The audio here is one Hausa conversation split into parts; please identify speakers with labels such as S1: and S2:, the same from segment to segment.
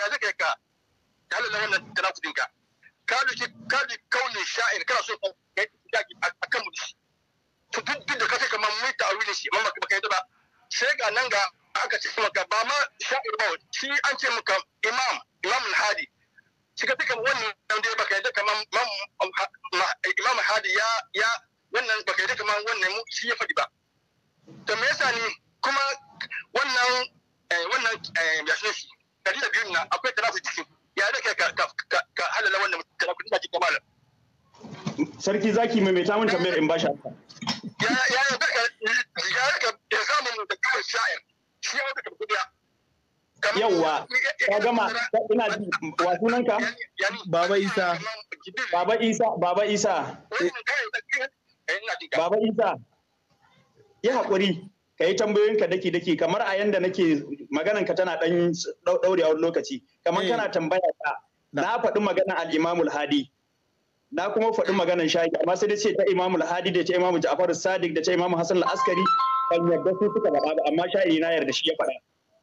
S1: ya zaka ka ta halalla wannan tanakudin ka ka duki ka duki kaunin sha'ir kana so ka yi kan mu to duk duk da kace kamar mai ta'awili shi amma baka yi ba sai ga nan ga aka ce maka ba ma sha'ir ba shi an ce maka imam imam al-hadi shi ka tuka wannan dai baka yi kamar imam al-hadi ya ya wannan baka yi kamar wannan mu shi ya faɗi ba to me yasa ne kuma wannan eh, wannan eh, ya shi biyun akwai
S2: sarki zaki mai mai tamun tambayar in bashi haka.
S1: ya ya ya ya zamun da kawai sha'ir shi ya wata yawwa eh, eh, ka gama
S2: eh, ina ji wa sunanka baba isa baba isa baba isa ya haƙuri ka yi tambayoyin ka daki daki kamar a yanda nake maganan ka tana dan daure a lokaci kamar kana eh. tambaya ta na faɗi maganan al-Imamul Hadi na kuma faɗi maganan Shafi amma sai dai ce ta Imamul Hadi da ta Imamu ja'faru Sadiq da ta Imamu Hassan al-Askari ban yarda su suka faɗa ba amma Shafi na yarda shi ya faɗa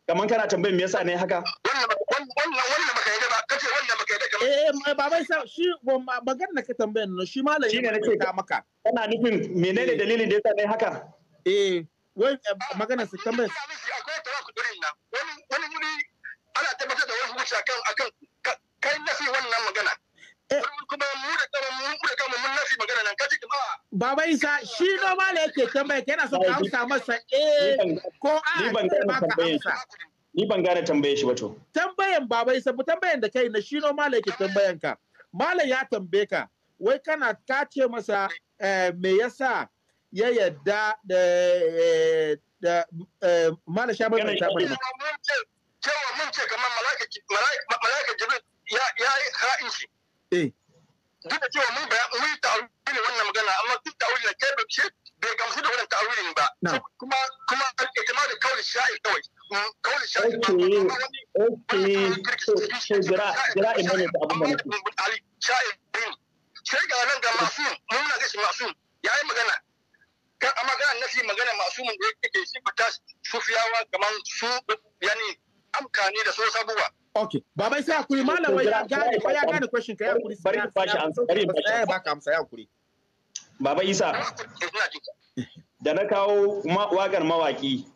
S2: kamar kana tambayin me yasa ne haka
S3: wannan maka yarda ba kace wannan maka eh, eh, shi maganar ka tambayan nan maka kana nufin menene dalilin da yasa ne haka eh wai eh, magana su tambayar
S1: akwai kuma mu da kama mu da kama magana nan kaji kuma
S3: baba isa shi normally yake tambaya yana so ka amsa masa eh ko a ba ka ni ban gane tambaye shi ba tambayan baba isa bu tambayan da kai na shi normally yake tambayan ka malam ya tambaye ka wai kana ka ce masa eh, me yasa ya yadda da eh, mala sha ba ta cewa
S1: mun ce kamar mala'ika jibril ya yi ha'inci eh. duk da cewa mun mun ta'awili wannan magana amma duk ta'awili na kai bai bai gamsu da wannan ta'awilin ba kuma kuma ijma da kauli sha'i kawai mm, kauli sha'i ba wani wani kirkisa jira jira imani da abin da abubuwan da yake shi fita sufiyawa kamar su yani amkani da su sabuwa
S3: Okay. Babai sai hakuri malama ya gane ya gane question ka ya hakuri. Bari in bashi amsa. Bari in bashi. Eh, ba ka amsa
S2: ya hakuri. Baba Isa. Da na kawo wakar mawaki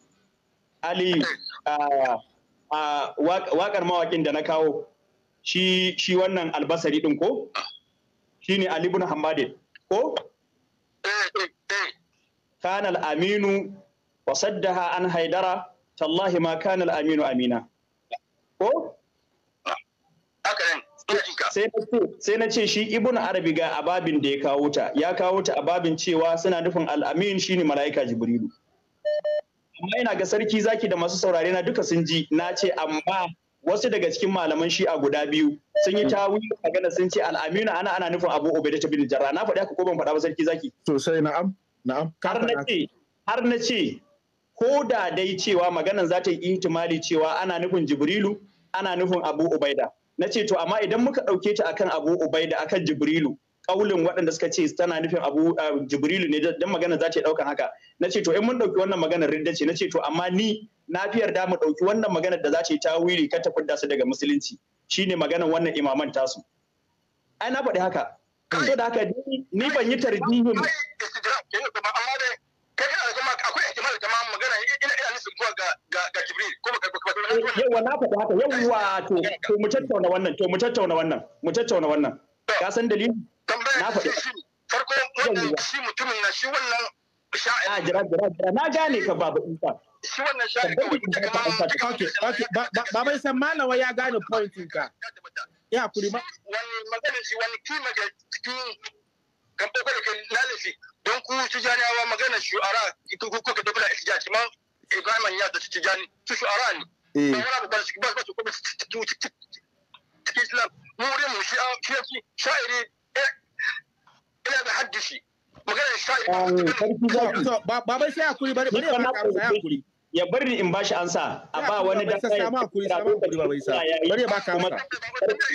S2: Ali eh. a wakar mawakin da na kawo shi shi wannan albasari din ko? Ah. Shi ne Ali ibn Hammadin ko? Eh, kana al-aminu wa saddaha an haidara tallahi ma kana al-aminu amina ko sai na ce shi ibn arabi ga ababin da ya kawo ta ya kawo ta ababin cewa suna nufin al'amin shine mala'ika jibrilu amma ina ga sarki zaki da masu saurare na duka sun ji na ce amma wasu daga cikin malaman shi a guda biyu sun yi tawi magana sun ce al'aminu ana ana nufin abu ubaida ta bin jarra na faɗi haka ko ban faɗa ba sarki zaki sai na'am har na ce ko da dai cewa maganan za ta yi itimali cewa ana nufin jibrilu ana nufin abu ubaida na ce to amma idan muka ɗauke ta akan abu ubaida akan jibrilu kaulin waɗanda suka ce tana nufin abu jibrilu ne don maganar za ta yi ɗaukan haka na ce to in mun ɗauki wannan maganar ridda ce na ce to amma ni na fi yarda mu ɗauki wannan maganar da za ta yi tawili ka tafi da su daga musulunci shine maganar wannan imaman tasu ai na faɗi haka so da haka ni ban yi tarjihin amma dai
S1: kai kana kuma akwai ihtimal tamam magana ina ina nisan zuwa ga ga ga jibril kuma ka kuma
S2: yawa na faɗi haka yawa to to mu tattauna wannan to mu tattauna wannan mu tattauna wannan ka san dalili na faɗi
S3: farko wannan shi mutumin na shi wannan sha'a jira jira jira na gane ka babu isa shi wannan sha'a okay okay ba bai san malawa ya gane pointin ka ya kuri ma
S1: wani magana shi wani kima da tu kan boko da kai lalace don ku awa magana shu'ara ku kuka dabla ihtijaj kamar Ibrahim ya ci jani su shu'ara ne eh. ba wani ba su ba su kuma cikin Islam mu wurin mu shi sha'iri eh, ina da haddisi magana
S3: sha'iri ba ba sai hakuri bari bari ya fara hakuri
S2: ya bar ni in bashi ansa
S3: a ba wani da kai sama ku
S2: sama ku ba bai sa bari ba
S3: ka mata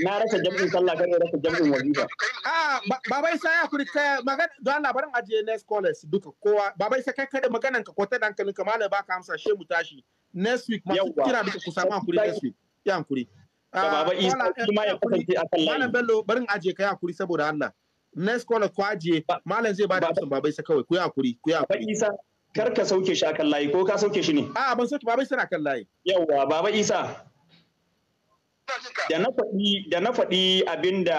S3: na rasa jami'in sallah kan rasa jami'in wajiba a ah, ba bai ya kuri kai magana don Allah barin ajiye next callers duka kowa ba bai sa kai kada maganan ka kwata dan kalin kamala ba ka amsa she mu tashi next week masu kira duka ku samu hankuri next week ya hankuri ba ah, ba isa kuma ya kasance a kan layi malam bello barin ajiye kai hakuri saboda Allah next caller ku ajiye malam zai ba da amsa ba bai sa kawai ku ya hakuri ku ya hakuri kar ka sauke shi akan layi ko ka sauke shi ne a'a ban sauke baba isa na kan layi yawa baba isa
S2: da na faɗi da na faɗi abinda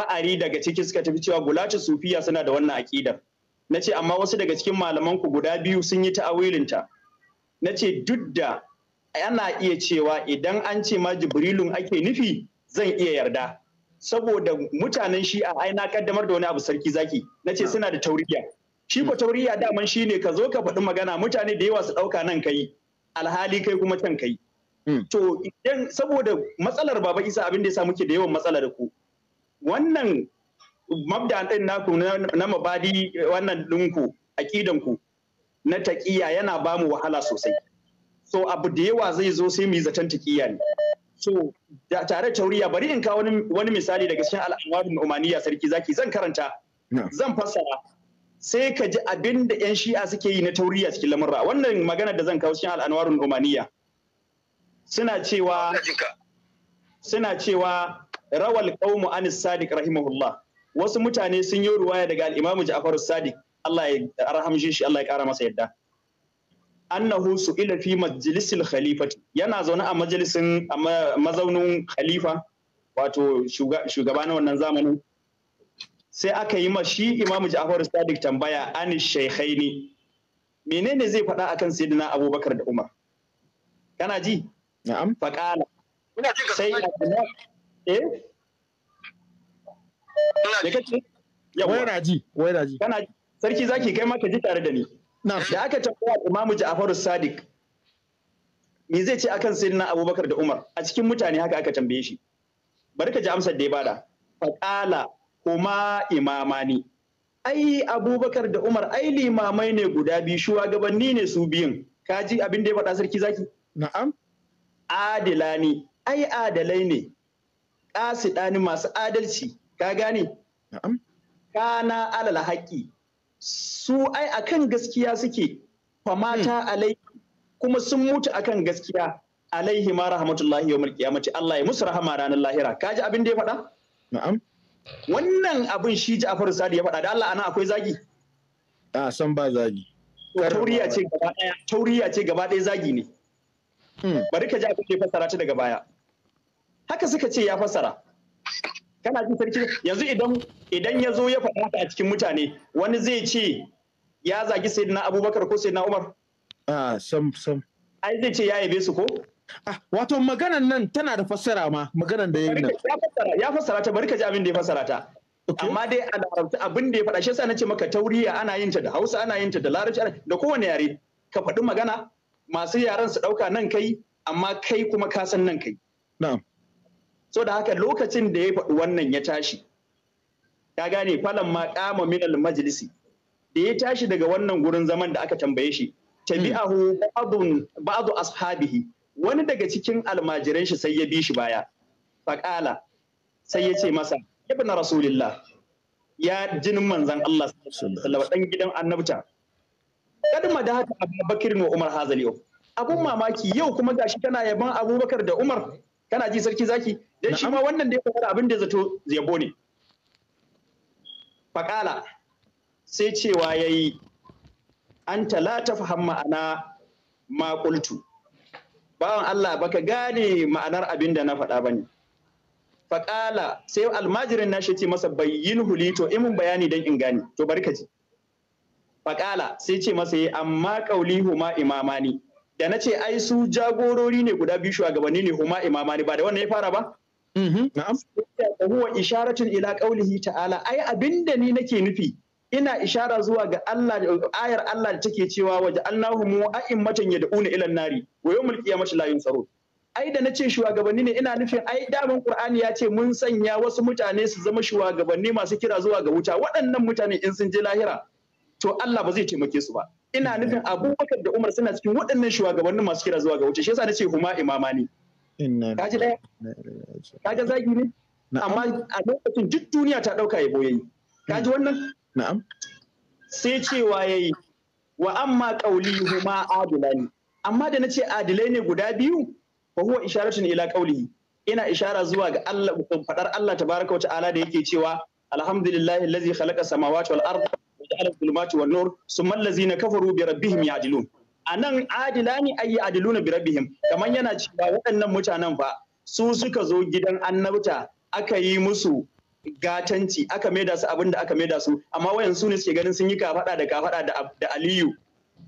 S2: fa'ari daga ciki suka tafi cewa gulaci sufiya suna da wannan aƙidar na ce amma wasu daga cikin malaman ku guda biyu sun yi ta'awilinta na ce duk da ana iya cewa idan an ce ma jibrilun ake nufi zan iya yarda saboda mutanen shi'a ai na kaddamar da wani abu sarki zaki na ce suna da tauriya Shi ko hmm. tauriya daman shi ne ka zo ka faɗi magana mutane da yawa su ɗauka nan kai. alhali kai kuma can kai. Hmm. To idan saboda matsalar Baba Isa abin da ya sa muke da yawan matsala da ku. Wannan mabda ɗin naku na mabadi wannan ɗinku ku na taƙiya yana ba mu wahala sosai. So abu da yawa zai zo sai mu yi zaton taƙiya ne. So tare tauriya bari in kawo wani misali daga cikin al'amarin umaniya sarki zaki zan karanta. Zan fassara. sai ka ji abin da 'yan shi'a suke yi na tauriya cikin lamurra wannan magana da zan kawo cikin al'anwarun romaniya suna cewa suna cewa rawal qaumu Anis sadiq rahimahullah wasu mutane sun yi ruwaya daga al-imamu ja'far sadiq Allah ya rahamshe shi Allah ya kara masa yadda annahu su'ila fi majlisil khalifati yana zaune a majalisin mazaunin khalifa wato shugaba na wannan zamanin sai aka yi mashi imamu ja'far sadiq tambaya ani shaykhaini menene zai faɗa akan sayyidina abubakar da umar kana ji na'am faqala sai eh da kace yawa ji wai ji kana sarki zaki kai ma ka ji tare da ni da aka tambaya imamu ja'far sadiq me zai ce akan sayyidina abubakar da umar a cikin mutane haka aka tambaye shi bari ka ji amsar da ya bada faqala kuma imamani ai abubakar da umar ai limamai ne guda biyu shugabanni ne su biyun kaji abin da ya faɗa sarki zaki na'am ne. ai adalai ne Ƙasi ɗani masu adalci ka gane na'am kana alal haƙƙi su ai akan gaskiya suke famata hmm. alai kuma sun mutu akan gaskiya alaihi ma rahmatullahi ya mace Allah ya musu rahama ranar lahira kaji abin da ya faɗa na'am wannan abin shi Ja'far Sadi ya faɗa da Allah anan akwai zagi
S3: a san ba zagi
S2: tauriya ce gaba ɗaya tauriya ce gaba ɗaya zagi ne hmm. bari ka ji abin da ya fassara ta daga baya haka suka ce ya fassara kana jin sarki yanzu idan idan ya zo ya faɗa ta a cikin mutane wani zai ce ya zagi na Abubakar ko na Umar
S3: a sam sam ai zai ce ya yabe su ko Ah, wato maganan nan tana da fassara ma maganan da ya yi nan. Ya fassara ta bari ka ji abin da ya fassara ta. Amma dai a abinda
S2: abin da ya faɗa shi yasa na ce maka tauriya ana yin ta da Hausa ana yin ta da Larabci da kowane yare ka faɗi magana masu yaren su ɗauka nan kai amma kai kuma ka san nan kai. Na'am. So da haka lokacin da ya faɗi wannan ya tashi. Ka gane falan ma kama minal majlisi da ya tashi daga wannan gurin zaman da aka tambaye shi hmm. tabi'ahu ba'du ba'du ashabihi wani daga cikin almajiran shi sai ya bi shi baya faƙala sai ya ce masa ibn rasulillah ya jinin manzan Allah sallallahu dan gidan annabta kad madaka abubakar wa umar hazali abun hmm. mamaki yau kuma gashi kana yaban abubakar da umar kana ji sarki zaki dan shi ma wannan da ya fara abin da zato yabo ne faƙala sai cewa yayi anta la tafham ma'ana ma qultu bawan Allah ba ka gane ma'anar abin da na faɗa bane faƙala sai almajirin nashi ce masa bayyin to imin bayani don in gane to barka ka ji faƙala sai ce masa yi amma ƙauli huma imamani da na ce ai su jagorori ne guda biyu shugabanni ne huma imamani ba da wannan ya fara ba na'am mm-hmm. huwa isharatun ila ƙaulihi ta'ala ai abin da ni nake nufi ina ishara zuwa ga Allah ayar Allah da take cewa waje Allahu mu da una ila nari wa yawmul qiyamati la tsaro. ai da nace shugabanni ne ina nufin ai daman Qur'ani ya ce mun sanya wasu mutane su zama shugabanni masu kira zuwa ga wuta waɗannan mutane in sun je lahira to Allah ba zai taimake su ba ina mm-hmm. nufin Abubakar da Umar suna cikin waɗannan shugabanni masu kira zuwa ga wuta shi yasa nace huma imama ne kaji daya zagi ne amma a lokacin duk duniya ta dauka yabo yayi kaji mm. wannan na'am sai cewa yayi wa amma ƙauli huma adilani amma da na ce adilai ne guda biyu fa huwa isharatun ila ƙauli. ina ishara zuwa ga Allah faɗar Allah tabaraka wa ta'ala da yake cewa alhamdulillahi lazi khalaqa samawati wal arda wa su adh na kafa rubi summa allazina kafaru bi rabbihim ya'dilun anan adilani ayi adiluna bi rabbihim Kamar yana cewa waɗannan mutanen fa su suka zo gidan annabta aka yi musu gatanci aka maida su abin da aka maida su amma wayan su ne suke ganin sun yi kafada da kafada da aliyu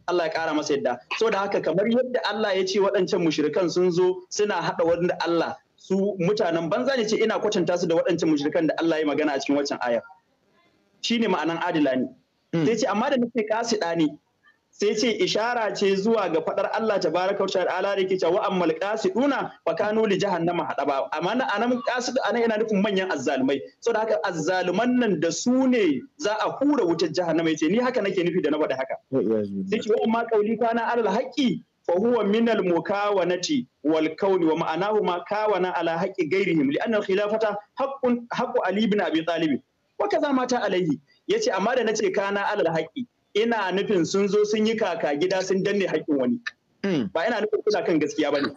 S2: Allah ya kara masa yadda so da haka kamar yadda Allah ya ce waɗancan mushrikan sun zo suna haɗa wanda Allah su mutanen banza ne ce ina kwatanta su da waɗancan mushrikan da Allah ya magana a cikin waccan ayar shine ma'anan adila ne hmm. sai ce amma da nake kasida ne sai ce ishara ce zuwa ga fadar Allah Ta baraka wa ta'ala da yake cewa ammal qasiduna fa kanu li jahannama hadaba amma nan anan qasid anan yana nufin manyan azzalumai saboda haka azzaluman nan da su ne za a hura wutar jahannama yace ni haka nake nufi da na faɗa haka sai wa amma qauli kana alal haqqi fa huwa min al mukawanati wal kauni wa ma'anahu ma kawana ala haqqi ghairihim li anna al khilafata haqqun haqqu ali ibn abi talib wa kaza mata alaihi yace amma da nace kana alal haqqi ina nufin sun zo sun yi kaka gida sun danne haƙƙin wani hmm. ba ina nufin suna kan gaskiya ba ne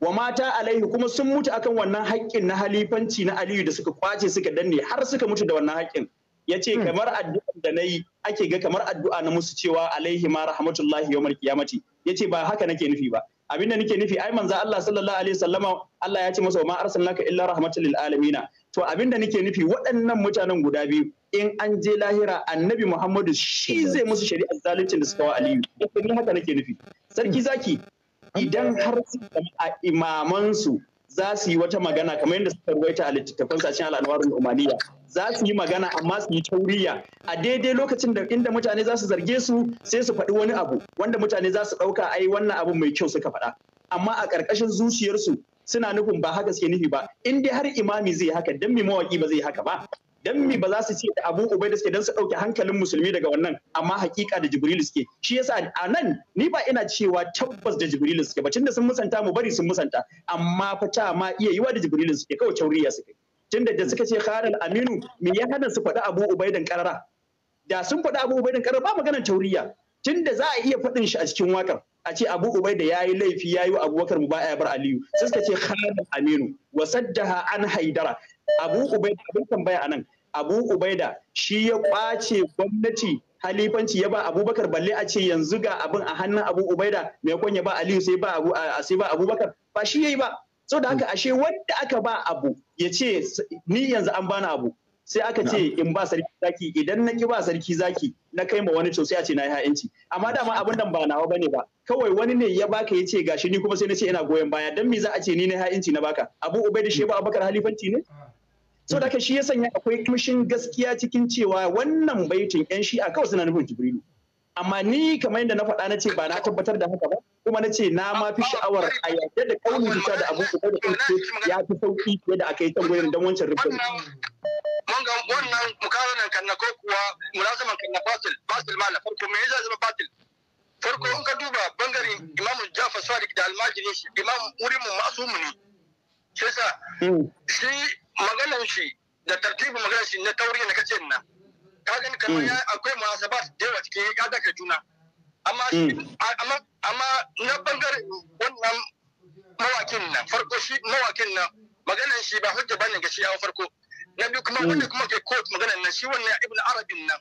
S2: wa mata alaihi kuma sun mutu akan wannan haƙƙin na halifanci na aliyu da suka kwace suka danne har suka mutu da wannan haƙƙin ya ce hmm. kamar addu'a da na yi ake ga kamar addu'a na musu cewa alaihi ma rahmatullahi wa kiyamati ya ce ba haka nake nufi ba abinda da nake nufi ai manza Allah sallallahu alaihi wasallama Allah ya ce masa wa ma arsalnaka illa rahmatan lil alamina to abin da nake nufi waɗannan mutanen guda biyu in an je lahira annabi muhammadu shi zai musu shari'ar zaluncin da suka wa aliyu ni haka nake nufi sarki zaki idan har a imamansu za su yi wata magana kamar yadda suka ruwaita a littattafan sashen al'anwarin umaniya za su yi magana amma su yi tauriya a daidai lokacin da inda mutane za su zarge su sai su faɗi wani abu wanda mutane za su ɗauka ai wannan abu mai kyau suka faɗa amma a ƙarƙashin zuciyarsu suna nufin ba haka suke nufi ba in dai har imami zai haka dan mi mawaki ba zai haka ba dan mi ba za su ce da Abu Ubaida suke dan su dauke hankalin musulmi daga wannan amma hakika da Jibrilu suke shi yasa a nan ni ba ina cewa tabbas da Jibrilu suke ba tunda sun musanta mu bari sun musanta amma fa ta ma iya yiwa da Jibrilu suke kawai tauriya suke tunda da suka ce kharal aminu me ya hada su faɗi Abu Ubaidan karara da sun faɗi Abu Ubaidan karara ba maganar tauriya tun da za a iya faɗin shi a cikin wakar a ce abu ubai da yayi laifi yayi abubakar mu baya bar aliyu sai suka ce khalid aminu wa saddaha an haidara abu ubai abin tambaya anan abu da shi ya kwace gwamnati halifanci ya ba abubakar balle a ce yanzu ga abin a hannun abu ubaida mai kwanya ba aliyu sai ba abu sai ba abubakar ba shi yayi ba so da haka ashe wanda aka ba abu ya ce ni yanzu an bani abu sai aka ce in ba sarki zaki idan na ki ba sarki zaki na kai ma wani to sai a ce na yi ha'inci amma dama abin nan ba nawa bane ba kawai wani ne ya baka ya ce gashi ni kuma sai na ce ina goyon baya dan me za a ce ni na ha'inci na baka abu ubai da ba abubakar halifanci ne ah. so da shi ya sanya akwai kishin gaskiya cikin cewa wannan baitin yan a kawai suna nufin jibrilu amma ni kamar yadda na faɗa na ce ba na tabbatar da haka ba kuma na ce na ma fi sha'awar a yadda da kaunin da abu ubai da ya fi sauki fiye da aka yi tangoyin dan wancan rubutun
S1: mun ga wannan mukawarar ko kuwa mulazaman kanna batil batil ma na farko me yasa zama batil farko in ka duba bangaren imam jafar sadiq da almajiri shi imam urimu masumu ne shi yasa hmm. shi maganan shi da tartibin maganan shi na tauri na kace na ka gani kamar hmm. akwai munasabat da yawa cikin ya daga juna hmm. amma amma na bangaren wannan mawakin nan farko shi mawakin nan maganan shi ba hujja bane ga shi a farko na biyu kuma wanda kuma ke kot maganar nan shi wannan ibn arabin nan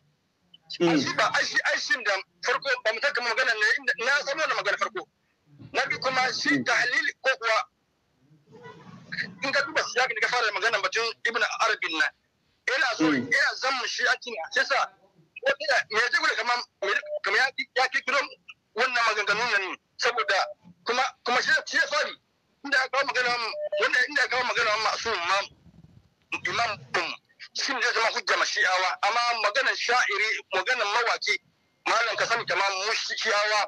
S1: hmm. shi ba ai shi ai shi da farko ba mu taka maganar nan na san wannan maganar farko na biyu kuma shi hmm. tahlil ko kuwa in ka duba siyakin da ka fara maganar batun ibn arabin nan yana so yana hmm. mu shi an cin sai sa me ya gudu kamar kamar ya kiro wannan maganganun nan saboda kuma kuma shi ya fari inda ya kawo maganar wanda inda ya kawo maganar masu ma imam bin shin zai zama hujja ma shi'awa amma maganar sha'iri maganar mawaki malam ka sani kamar mu shi'awa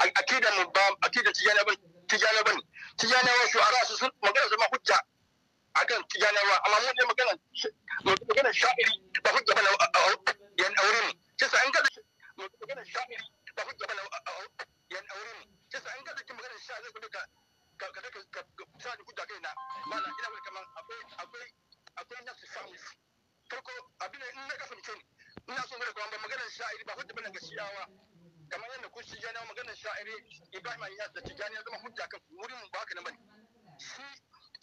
S1: akida mu ba akida tijana ban tijana ban tijana wa shu'ara su sun maganar zama hujja akan tijana wa amma mu ne maganar maganar sha'iri ba hujja bane a sai sai an kada maganar sha'iri ba hujja bane a sai sai an ga ki maganar sha'iri ka ka ka ka sa ni hujja na malam ina kamar akwai akwai akwai nafsu pharmacy farko abin in na kasance ni ina so gare kuma maganar sha'iri ba hujja bane ga shiyawa kamar yadda kun shi jana maganar sha'iri Ibrahim ya ya zama hujja kan wurin mu nan bane shi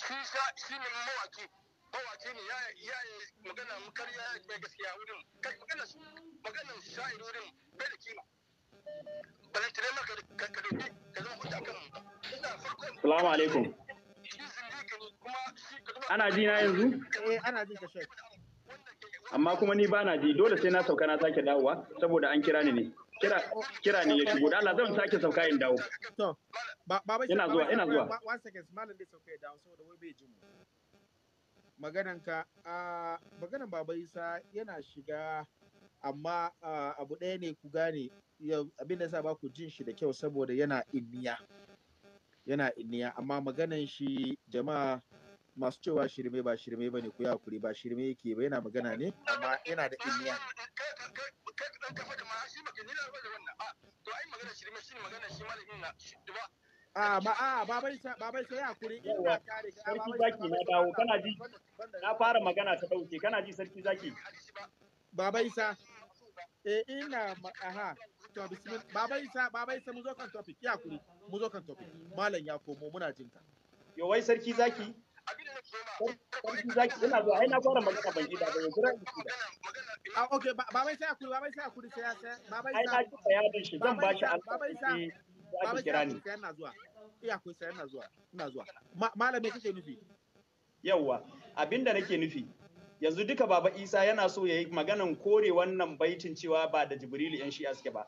S1: shi shi ne mawaki mawaki ne ya ya magana mu kar ya gaskiya wurin kai maganar maganar
S2: sha'iri wurin bai da kima balantare maka ka ka ka zama hujja kan mu ina farko assalamu alaikum Ana ji na yanzu? Eh ana ji ka Amma kuma ni ba na ji dole sai na sauka na sake dawowa saboda an kira ni ne. Kira kira ni ya shigo da Allah zan sake sauka in dawo.
S3: To. Baba ina zuwa ina zuwa. One second malam dai sauka ya dawo saboda wai bai ji mu. Magananka a maganan Baba Isa yana shiga amma abu ɗaya ne ku gane abin da sa ba ku jin shi da kyau saboda yana inniya. yana inniya amma maganan shi jama'a masu cewa shirme ba shirme ba ne ku ya kuri ba shirme yake ba yana magana ne amma yana da inniya a ma a babai sa babai sa ya kuri ba sarki zaki na dawo kana ji na fara magana ta dauke kana ji sarki zaki babai sa eh ina aha cewa bismillah baba isa baba isa mu zo kan topic ya kuri mu zo kan topic malam ya komo muna jin ka yo wai sarki zaki sarki zaki ina zo ba yanzu ah, okay baba isa shi zan ba shi baba sai
S2: zuwa ina nake nufi yanzu duka baba isa yana so ya yi maganan kore wannan baitin cewa ba da jibrilu yan shi'a suke ba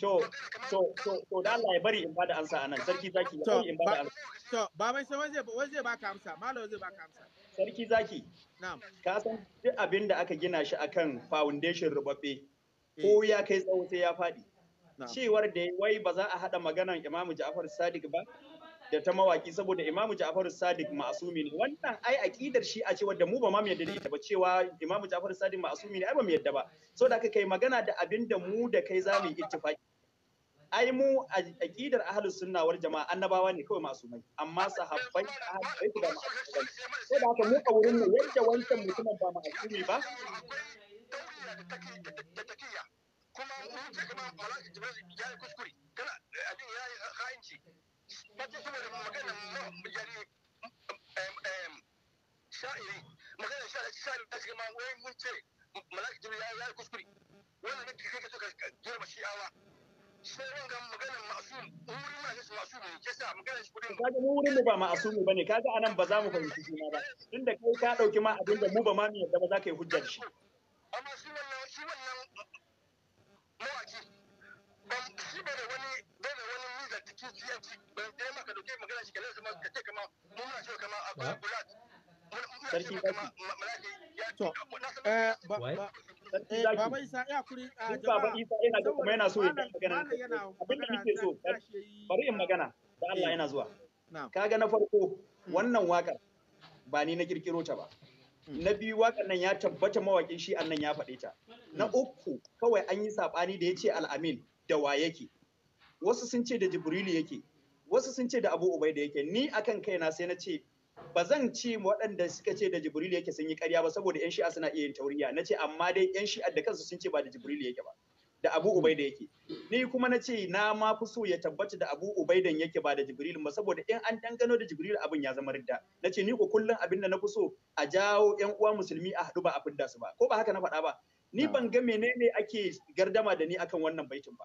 S3: To, to, to, to, da Allah ya bari in bada ansa anan, sarki zaki ya bari in bada ansa. To, ba mai sai waje waje baka amsa, malam waje baka amsa.
S2: Sarki zaki. Na'am. Ka san duk abin da aka gina shi akan foundation rubabbe. Eh. Ko ya kai tsawo sai ya faɗi. Cewar da wai ba za a haɗa maganan Imam Ja'far Sadiq ba, da ta mawaki saboda Imamu Ja'far Sadiq ma'asumi ne wannan ai akidar shi a cewa da mu ba ma mu yadda da ita ba cewa Imamu Ja'far Sadiq ma'asumi ne ai ba mu yadda ba so da kai magana da abin da mu da kai za mu yi ittifaki ai mu akidar ahlus sunna wal jama'a annabawa ne kawai masumai amma sahabbai ahlus sunna ba ma'asumai so da haka mu a wurin mu yadda wancan mutumin ba ma'asumi ba
S1: kuma mun ce kamar Maulana Jibril ya kuskure kana abin ya yi ha'inci bacci saboda magana yani sha'iri magana sha'iri ta shiga ma wai mun ce malaki jibril ya yi kuskure wannan ne kai ka so ka girma shi'awa sai ga magana ma'asum wuri ma ne ma'asum ne sa
S2: magana shi kudin kaga mu wurin mu ba ma'asum bane kaga anan ba za mu fahimci juna ba tunda kai ka dauki ma abinda mu ba ma mu yadda ba za ka yi hujjar shi
S1: kana shi
S2: a kaga na farko hmm. wannan wakar ba ni na kirkiro ta ba hmm. na biyu wakan nan ya tabbata mawakin shi annan ya faɗe na hmm. uku kawai an yi saɓani da ya ce al'amin da wa yake wasu sun ce da jibrilu yake wasu sun ce da abu ubai da yake ni akan na sai na ce ba zan ci waɗanda suka ce da jibril yake sun yi karya ba saboda yan shi'a suna iya yin tauriya na ce amma dai yan shi'a da kansu sun ce ba da jibril yake ba da abu hmm. ubai da yake ni kuma na ce na ma fi so ya tabbata da abu ubaidan yake ba da jibril ba saboda in an dangano da jibril abin ya zama ridda na ce ni ko kullum abin da na fi so a jawo yan uwa musulmi a haɗu ba a fidda su ba ko ba haka na faɗa ba ni ban ga menene ake gardama da ni akan wannan baitin ba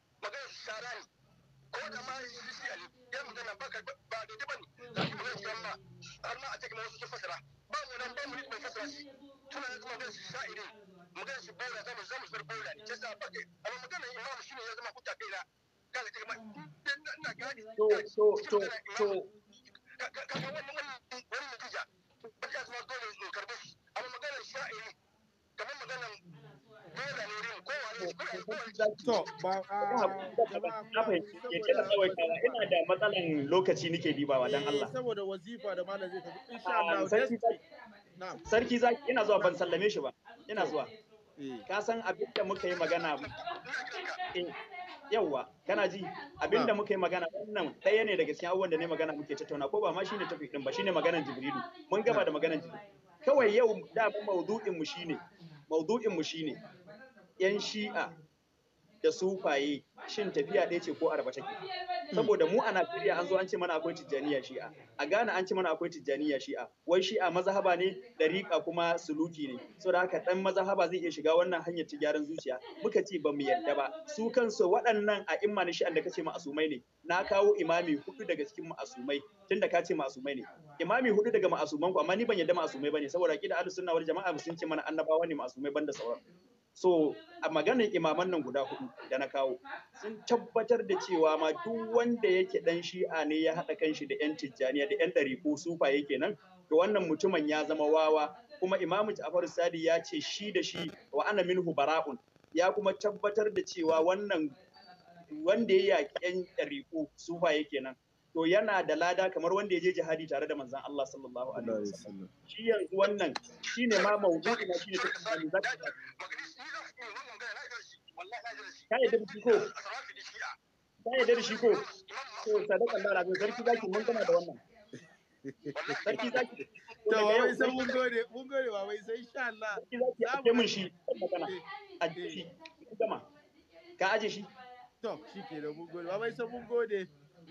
S1: magana shara ne ko da ma shi shi ne ya magana ba ba daidai ba ne da shi magana shara ma har ma a cikin wasu sun fasara ba mu nan ba mu ne mai fasara shi tuna ya zama magana shi sha'iri magana shi bola zamu zamu bar bola ne sai ba ke amma magana imam shi ne ya zama hujja kai na kaga cikin ma to
S3: gani to to to to
S1: kaga wannan wannan wannan hujja ba ta zama dole in karbe
S3: shi amma magana sha'iri kamar magana bola ne To, ba ina da matsalan
S2: lokaci nike
S3: dibawa dan Allah. Eh, saboda wazifa da
S1: malam zai tafi insha ah, Allah.
S2: Sarki zaki ina zuwa ban sallame shi ba. Ina zuwa. Eh. Ka san abin da muka yi magana eh, yawwa kana ji abin da muka yi magana wannan ɗaya ne daga cikin abubuwan da ne magana muke tattauna ko ba ma shine tafi din ba shine maganan Jibrilu mun gaba da maganan Jibrilu kawai yau da maudu'in mu shine maudu'in mu shine 'yan shi'a da sufaye shin tafiya ɗaya ce ko arba take
S1: saboda mu a Najeriya an
S2: zo an ce mana akwai tijjaniya shi'a a Ghana an ce mana akwai tijjaniya shi'a wai shi'a mazhaba ne dariƙa kuma suluki ne saboda haka dan mazhaba zai iya shiga wannan hanyar ta gyaran zuciya muka ce ba mu yarda ba su kansu waɗannan a imma na shi'an da kace ma'asumai ne na kawo imami hudu daga cikin ma'asumai tunda ka ce ma'asumai ne imami hudu daga ma'asuman ku amma ni ban yarda ma'asumai bane saboda kida ahlus sunna wal jama'a sun ce mana annabawa ne asumai banda sauran so a maganar imaman nan guda hudu da na kawo sun tabbatar da cewa ma duk wanda yake dan shi'a ne ya haɗa kanshi da yan tijjaniya da yan ɗariku sufaye kenan to wannan mutumin ya zama wawa kuma imamu ja'far sadi ya ce shi da shi wa ana minhu bara'un ya kuma tabbatar da cewa wannan wanda ya yaƙi yan ɗariƙo sufaye kenan to yana da lada kamar wanda ya je jihadi tare da manzon Allah sallallahu alaihi wasallam shi yanzu wannan shine ma mawdu'i na shine ne ka yadda da shi ko ka da shi ko
S3: to sadaka Allah rabin sarki zaki mun gana da wannan sarki zaki to wai sai mun gode mun gode ba wai sai insha Allah za ake mun shi magana eh, a shi eh. gama ka aje shi to shi ke da mun gode wai sai mun gode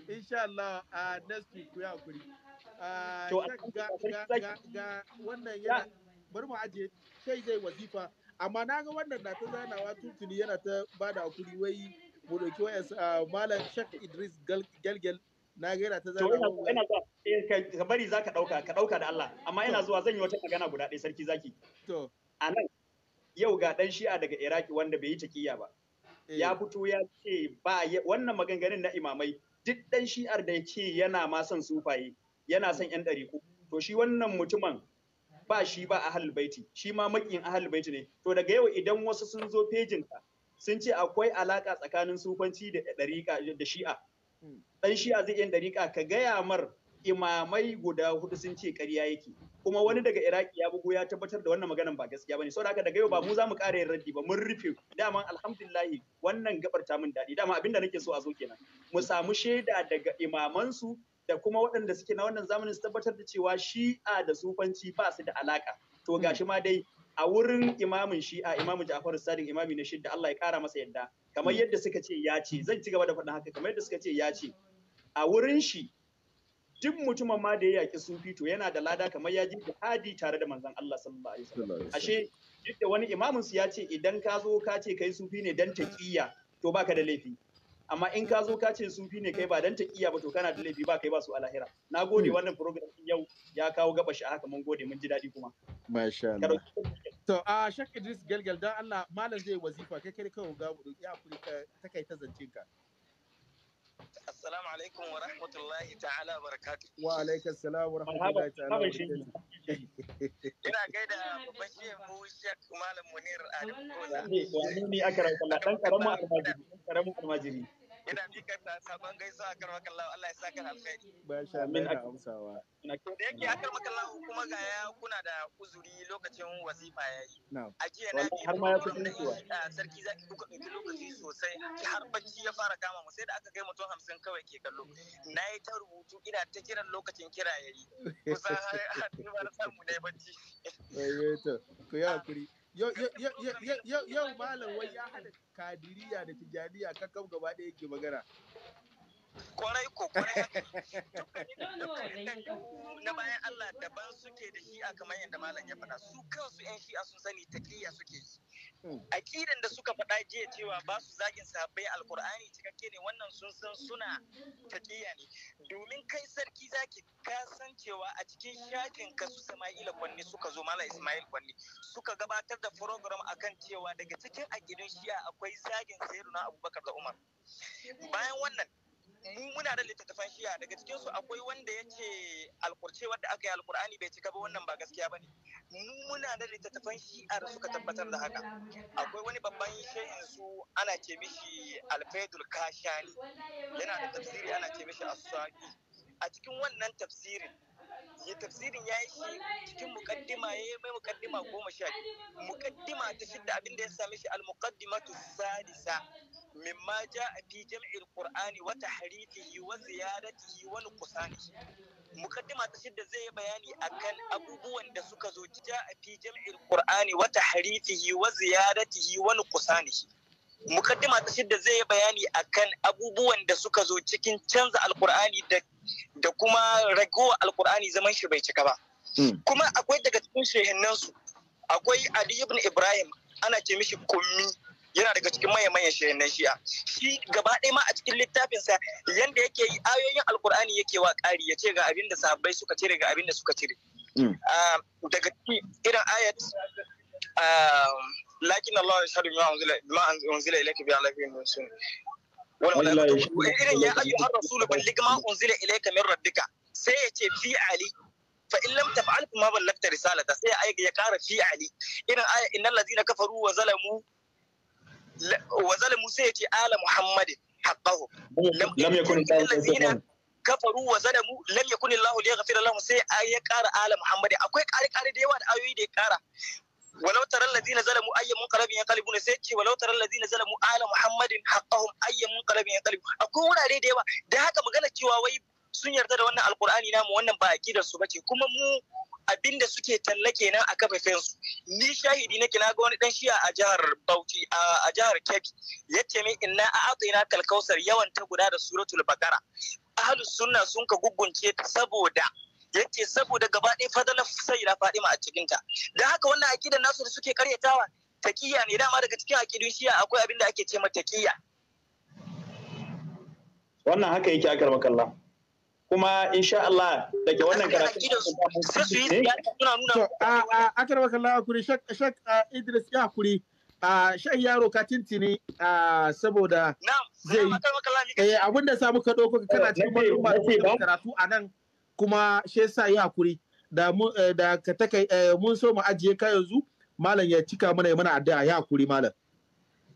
S3: insha Allah a next week ku ya kuri ga wannan yana bari mu aje sai zai wazifa amma na ga wannan na ta zanawa tuntuni yana ta ba da hakuri wai mu ɗauki wayan ah, malam idris galgal na ga yana ta zanawa yana eh, ka bari za ka ɗauka ka ɗauka da
S2: allah amma yana zuwa zan yi wata magana guda ɗaya sarki zaki to a nan yau ga ɗan shi'a daga iraki wanda bai yi takiya ba eh. ya fito ya ce ba wannan maganganun na imamai duk ɗan shi'ar da yake yana ma son sufaye yana son yan ɗariku to shi wannan mutumin ba shi ba ahal baiti shi ma makin ahal baiti ne to daga yau idan wasu sun zo pejin ka sun ce akwai alaka tsakanin sufanci da dariƙa da shi'a dan hmm. shi'a zai yin dariƙa ka gaya mar imamai guda hudu sun ce ƙarya yake kuma wani daga iraki ya bugu ya tabbatar da wannan maganan ba gaskiya bane saboda haka daga yau ba mu za mu ƙara yin raddi ba mun rufe dama alhamdulillah wannan gabar ta min daɗi dama abinda nake so a zo kenan mu samu shaida daga imamansu da kuma waɗanda suke na wannan zamanin su tabbatar da cewa shi'a da sufanci ba su da alaka to hmm. gashi ma dai a wurin imamin shi'a imamin ja'far sadiq imami na shidda Allah ya kara masa yadda kamar hmm. yadda suka ce ya ce zan ci gaba da faɗin haka kamar yadda suka ce ya ce a wurin shi duk mutumin ma da ya yaki sufi to yana da lada kamar ya ji hadi tare da manzon Allah sallallahu alaihi wasallam ashe duk da wani imamin su ya ce idan ka zo ka ce kai sufi ne dan taqiyya to baka da laifi amma in ka zo ka ce sufi ne kai ba dan ta iya ba to kana da laifi ba kai ba su alahira na gode hmm. wannan program yau ya kawo gaba shi
S3: haka mun gode mun ji dadi kuma masha Allah to a shak Idris galgal dan Allah malam zai wazifa kai kai kawo ga ya kuri ta kai ta zance ka Assalamu
S1: alaikum wa rahmatullahi ta'ala barakatuh.
S3: Wa alaikum assalam wa rahmatullahi ta'ala barakatuh.
S1: Ina gaida babban shehu Sheikh Malam Munir Adam
S2: Kola. Wa ni akara rauka dan karamu almajiri, karamu almajiri. ina bi ka ta sabon
S3: gaisuwa a karwa kallon Allah ya ka alkhairi ba sha min amsawa da yake a karwa kallon kuma ga ya kuna da
S4: uzuri lokacin wazifa ya yi a jiya na bi har ma ya kudin kuwa sarki zaki kuka ɗauki lokaci sosai har bacci ya fara kama mu sai da aka kai mutum hamsin kawai ke kallo na yi ta rubutu ina ta kiran lokacin kira ya yi
S1: kusan har
S3: samu na yi bacci. Ku yi hakuri. yau malam wai ya hada kadiriya da tijaniya kakam gaba ɗaya yake magana kwarai ko kwarai
S4: na bayan Allah daban suke da shi'a kamar yadda malam ya faɗa su kansu yan shi'a sun sani ta suke yi Mm. aƙidan da suka faɗa jiya cewa ba su zagin sahabbai alkur'ani cikakke ne wannan sun san suna taƙiya ne domin kai sarki zaki ka san cewa a cikin shafin ka su sama'ila kwanni suka zo mala ismail kwanni suka gabatar da program akan cewa daga cikin aƙidun shi'a akwai zagin sayyiduna abubakar da umar bayan wannan mu muna da littattafan shiya daga cikin su akwai wanda yace ce alkurce wanda aka yi alkur'ani bai cika ba wannan ba gaskiya bane mu muna da littattafan shi'a da suka tabbatar da haka akwai wani babban shehin su ana ce mishi alfaidul kashani yana da tafsiri ana ce mishi as a cikin wannan tafsirin ya tafsirin ya shi cikin mukaddima ya yi mai mukaddima goma sha biyu mukaddima ta shidda da ya sami shi al-muqaddimatu sadisa mimma ja'a fi jam'il qur'ani wa tahrifihi wa ziyadatihi wa nuqsanihi mukaddima ta shidda zai bayani akan abubuwan da suka zo ja'a fi jam'il qur'ani wa tahrifihi wa ziyadatihi wa nuqsanihi mukaddima ta shidda zai bayani akan abubuwan da suka zo cikin canza alqur'ani da da kuma ragowa alqur'ani zaman shi bai cika ba hmm. kuma akwai daga cikin shehinnansu akwai ali ibn ibrahim ana ce mishi kummi yana daga cikin manya manyan shirin na shi'a shi gaba ɗaya ma a cikin littafinsa yanda yake yi ayoyin alkur'ani yake wa ƙari ya ce ga abin da sahabbai suka cire ga abin da suka cire mm. ah, daga irin ayat ah, lakin Allah ya shaɗu bima unzila ilaika bi alafi min sun irin ya ayyuhar rasulu balligh ma unzila ilaika min rabbika sai ya ce fi ali fa in lam taf'al kuma ballagta risalata sai ya ya kara fi ali irin aya innal ladina kafaru wa zalamu wa zalamu sai ya ala muhammadin haqqahu lam yakun alladhina kafaru wa zalamu lam yakun Allah liyaghfir lahum sai ya ƙara ala muhammadin akwai ƙare-ƙare da yawa da ayoyi da ya ƙara ولو ترى الذين ظلموا اي منقلب ينقلبون سيتي ولو ترى الذين ظلموا آل محمد حقهم اي منقلب ينقلبون akwai wurare da yawa da haka magana cewa wai sun yarda da wannan alkur'ani namu wannan ba akidar su bace kuma mu abin da suke talla kenan a kafafen su ni shahidi nake na ga wani dan shi'a a jihar Bauchi a jihar Kebbi yace min inna a'atina kalkausar yawan ta guda da suratul baqara ahlus sunna sun ka gugunce ta saboda yace saboda gaba ɗaya fadalar sayyida Fadima a cikin ta dan haka wannan akidar nasu da suke karyatawa taqiya ne dama daga cikin akidun shi'a akwai abinda ake ce ma taqiya wannan
S2: haka yake akar makalla kuma insha Allah ke wannan karatu
S3: a karba hakuri shak shak Idris ya hakuri a shan yaro ka tintini a saboda zai eh abinda samu ka ka kana eh, cikin malumma da karatu nan kuma shi sa yi hakuri da eh, ka eh, mun so mu ajiye ka yanzu malam ya cika mana ya mana addu'a ya hakuri malam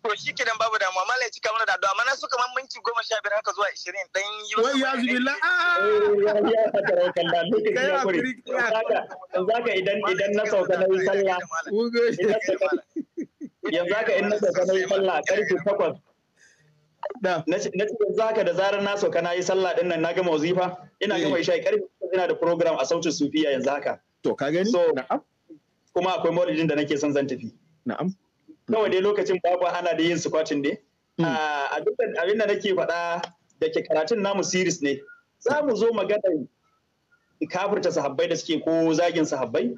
S4: to shi kenan babu damuwa malai cika mana da addu'a na su kamar minti goma sha biyar haka zuwa ishirin dan
S1: yi wai ya zubi la ah! eh, ya fata idan idan na sauka na yi sallah yanzu haka
S2: in na sauka na yi sallah karfe takwas na ce yanzu haka da zarar na sauka na yi sallah din nan na gama wazifa ina gama eh. isha karfe ina da program a sautin sufiya yanzu haka to ka gani na'am kuma akwai maulidin da nake son zan tafi na'am kawai dai lokacin babu hana da yin squatting ne hmm. ah, a dukkan abin da nake faɗa da ke karatun namu series ne za mu zo magana kafirta sahabbai da suke ko zagin sahabbai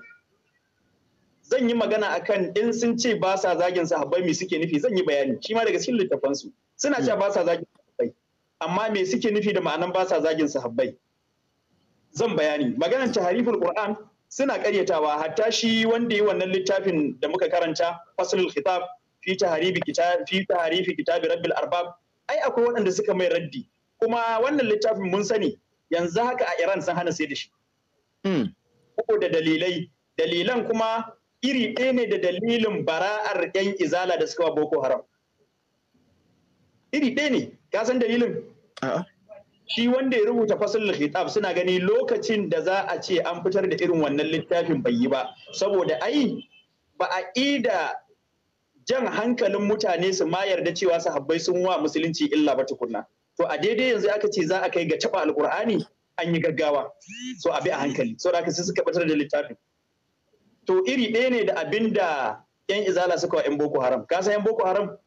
S2: zan yi magana akan in sun ce ba sa zagin sahabbai me suke nufi zan yi bayani shi ma daga cikin littafansu suna cewa hmm. ba sa zagin sahabbai amma me suke nufi da ma'anan ba sa zagin sahabbai zan bayani maganar ta harifin qur'an suna karyatawa hatta shi wanda yi wannan littafin da muka karanta faslul khitab fi ta kitab fi kitab rabbil arbab ai akwai waɗanda suka mai raddi kuma wannan littafin mun sani yanzu haka a Iran sun hana sai da shi Ko hmm. da dalilai dalilan kuma iri ɗaya ne da dalilin bara'ar yan izala da suka wa Boko Haram iri ɗaya ne ka san dalilin shi wanda ya rubuta fasalul khitab suna gani lokacin da za a ce an fitar da irin wannan littafin bai yi ba saboda ai ba a ida jan hankalin mutane su ma yarda cewa sahabbai sun wa musulunci illa ba tukunna to a daidai yanzu aka ce za a kai ga taba alkur'ani an yi gaggawa so a bi a hankali so da sai suka batar da littafin to iri ɗaya ne da abinda da yan izala suka wa yan boko haram ka san yan boko haram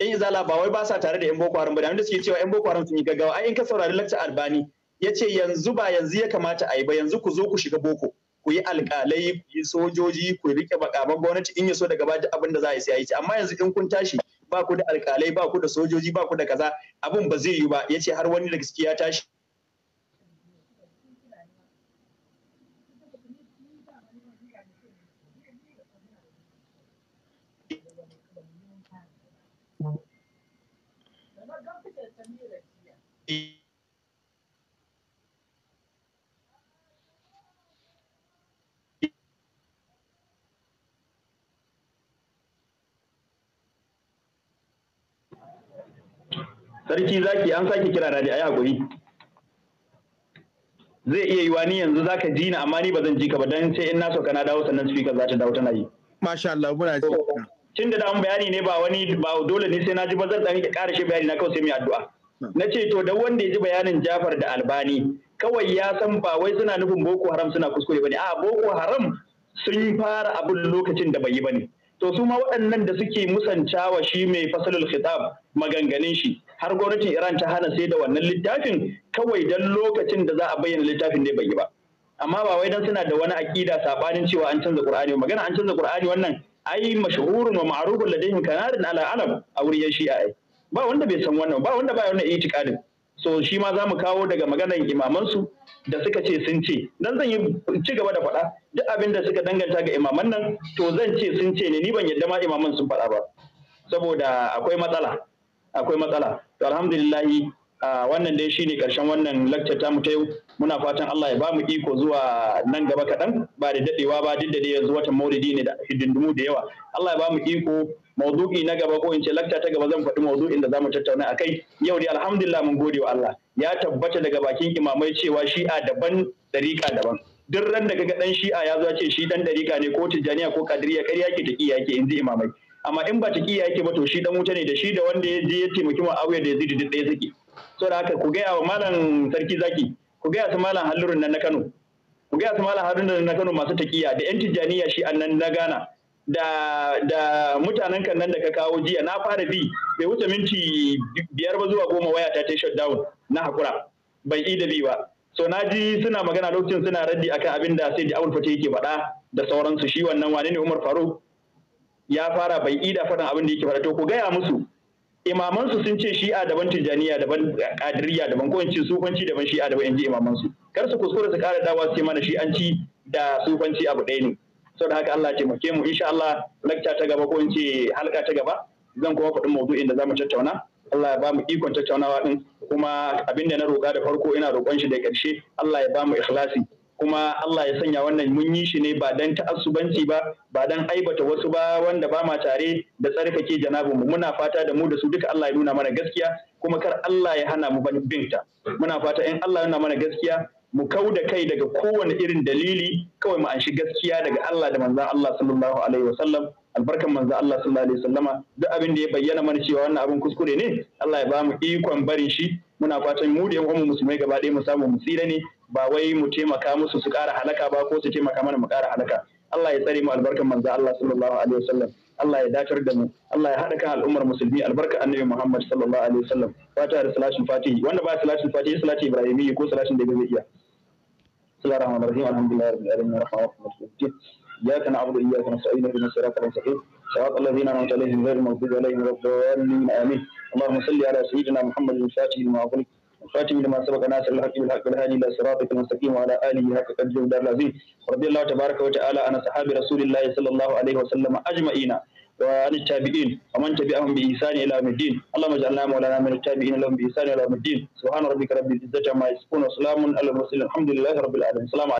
S2: yan izala ba wai ba sa tare da yan boko haram ba da suke cewa yan boko haram sun yi gaggawa ai in ka saurari lakta albani ya ce yanzu ba yanzu ya kamata a yi ba yanzu ku zo ku shiga boko ku yi alƙalai ku yi sojoji ku rike makaman gwamnati in ya so daga bada abin da za a yi sai a yi amma yanzu in kun tashi ba ku da alƙalai ba ku da sojoji ba ku da kaza abin ba zai yi ba ya ce har wani da gaskiya ya tashi sarki zaki an sake kira na da ayi hakuri zai iya yiwa ni yanzu zaka ji ni amma ni ba zan ji ka ba dan sai in na sauka na dawo sannan speaker za ta dawo tana yi masha Allah muna ji tunda da an bayani ne ba wani ba dole ne sai na ji bazan dan ƙara shi bayani na kawai sai mu yi addu'a na ce to da wanda ya ji bayanin Jafar da Albani kawai ya san ba wai suna nufin Boko Haram suna kuskure bane a Boko Haram sun fara abin lokacin da bai yi bane to su ma waɗannan da suke musancawa shi mai fasalul khitab maganganun shi har gwamnatin Iran ta hana sai da wannan littafin kawai dan lokacin da za a bayyana littafin ne bai yi ba amma ba wai dan suna da wani aƙida sabanin cewa an canza Qur'ani magana an canza Qur'ani wannan ai mashhurun wa ma'rufun ladayhim kanarin ala alam a wuriyar shi'a ai ba wanda bai san wannan ba wanda ba wannan itikadin so shi ma za mu kawo daga maganan imamansu da suka ce sun ce dan zan yi ci gaba da faɗa duk abin da suka danganta ga imaman nan to zan ce sun ce ne ni ban yadda ma imaman sun faɗa ba saboda akwai matsala akwai matsala to alhamdulillahi wannan dai shine karshen wannan lecture ta mu ta yau muna fatan Allah ya ba mu iko zuwa nan gaba kaɗan ba da dadewa ba duk da dai yanzu watan maulidi ne da hidindumu da yawa Allah ya ba mu iko maudu'i na gaba ko in ce lakta ta gaba zan faɗi maudu'in da zamu tattauna a kai yau dai alhamdulillah mun gode wa Allah ya tabbata daga bakin imamai cewa shi'a daban dariƙa daban duk ran da kaga dan shi'a ya zo ce shi dan dariƙa ne ko tijaniya ko kadiriya kar ke ta yake in ji imamai amma in ba ta yake ba to shi dan wuta ne da shi da wanda ya je ya taimaki mu'awiya da yazidi duk ɗaya suke da haka ku gaya wa malam sarki zaki ku gaya su malam halurun nan na Kano ku gaya su malam nan na Kano masu taƙiya da yan tijaniya shi annan na Ghana da da mutanen kan nan da ka kawo jiya na fara bi bai wuce minti biyar ba zuwa goma waya ta ta down na hakura bai ida bi ba so na ji suna magana lokacin suna raddi akan abin da sai da abul fata yake faɗa da sauransu shi wannan wane ne Umar Faruk ya fara bai ida faɗin abin da yake faɗa to ku gaya musu imaman su sun ce shi'a daban tijaniya daban kadiriya daban ko in sufanci daban shi'a daban inji imaman su kar su kuskure su ƙara dawa su ce mana shi'anci da sufanci abu ɗaya ne saboda haka Allah ce muke mu insha Allah lakta ta gaba ko in ce halka ta gaba zan kuma faɗi maudu'in da zamu tattauna Allah ya ba mu ikon tattaunawa din kuma abin da na roƙa da farko ina roƙon shi da ƙarshe Allah ya ba mu ikhlasi kuma Allah ya sanya wannan mun yi shi ne ba dan ta'assubanci ba ba dan aibata wasu ba wanda ba ma tare da tsarkake mu muna fata da mu da su duka Allah ya nuna mana gaskiya kuma kar Allah ya hana mu bin ta muna fata in Allah ya nuna mana gaskiya mu kau da kai daga kowane irin dalili kawai mu anshi gaskiya daga Allah da manzan Allah sallallahu alaihi wasallam albarkan manzan Allah sallallahu alaihi wasallama duk abin da ya bayyana mana cewa wannan abin kuskure ne Allah ya ba mu ikon barin shi muna fatan mu da yan uwan musulmai gaba ɗaya mu samu mu tsira ne ba wai mu taimaka musu su ƙara halaka ba ko su taimaka mana mu ƙara halaka Allah ya tsare mu albarkan manzan Allah sallallahu alaihi wasallam Allah ya dakar da mu Allah ya haɗa kan al'ummar musulmi albarka annabi Muhammad sallallahu alaihi wasallam fata da salatin fatihi wanda ba salatin fatihi salati ibrahimiyya ko salatin da zai iya بسم الله الرحمن الرحيم الحمد لله رب العالمين والرحمن الرحيم اياك نعبد واياك نستعين اهدنا الصراط المستقيم صراط الذين انعمت عليهم غير المغضوب عليهم ولا الضالين امين اللهم صل على سيدنا محمد الفاتح لما اغلق الخاتم لما سبق ناصر الحق بالحق والهادي الى صراطك المستقيم وعلى اله حق قدره العظيم رضي الله تبارك وتعالى عن صحابه رسول الله صلى الله عليه وسلم اجمعين وعن التابعين ومن تبعهم بإحسان إلى يوم الدين اللهم اجعلنا مولانا من التابعين لهم بإحسان إلى يوم الدين سبحان ربك رب العزة عما يصفون وسلام على المرسلين الحمد لله رب العالمين السلام عليكم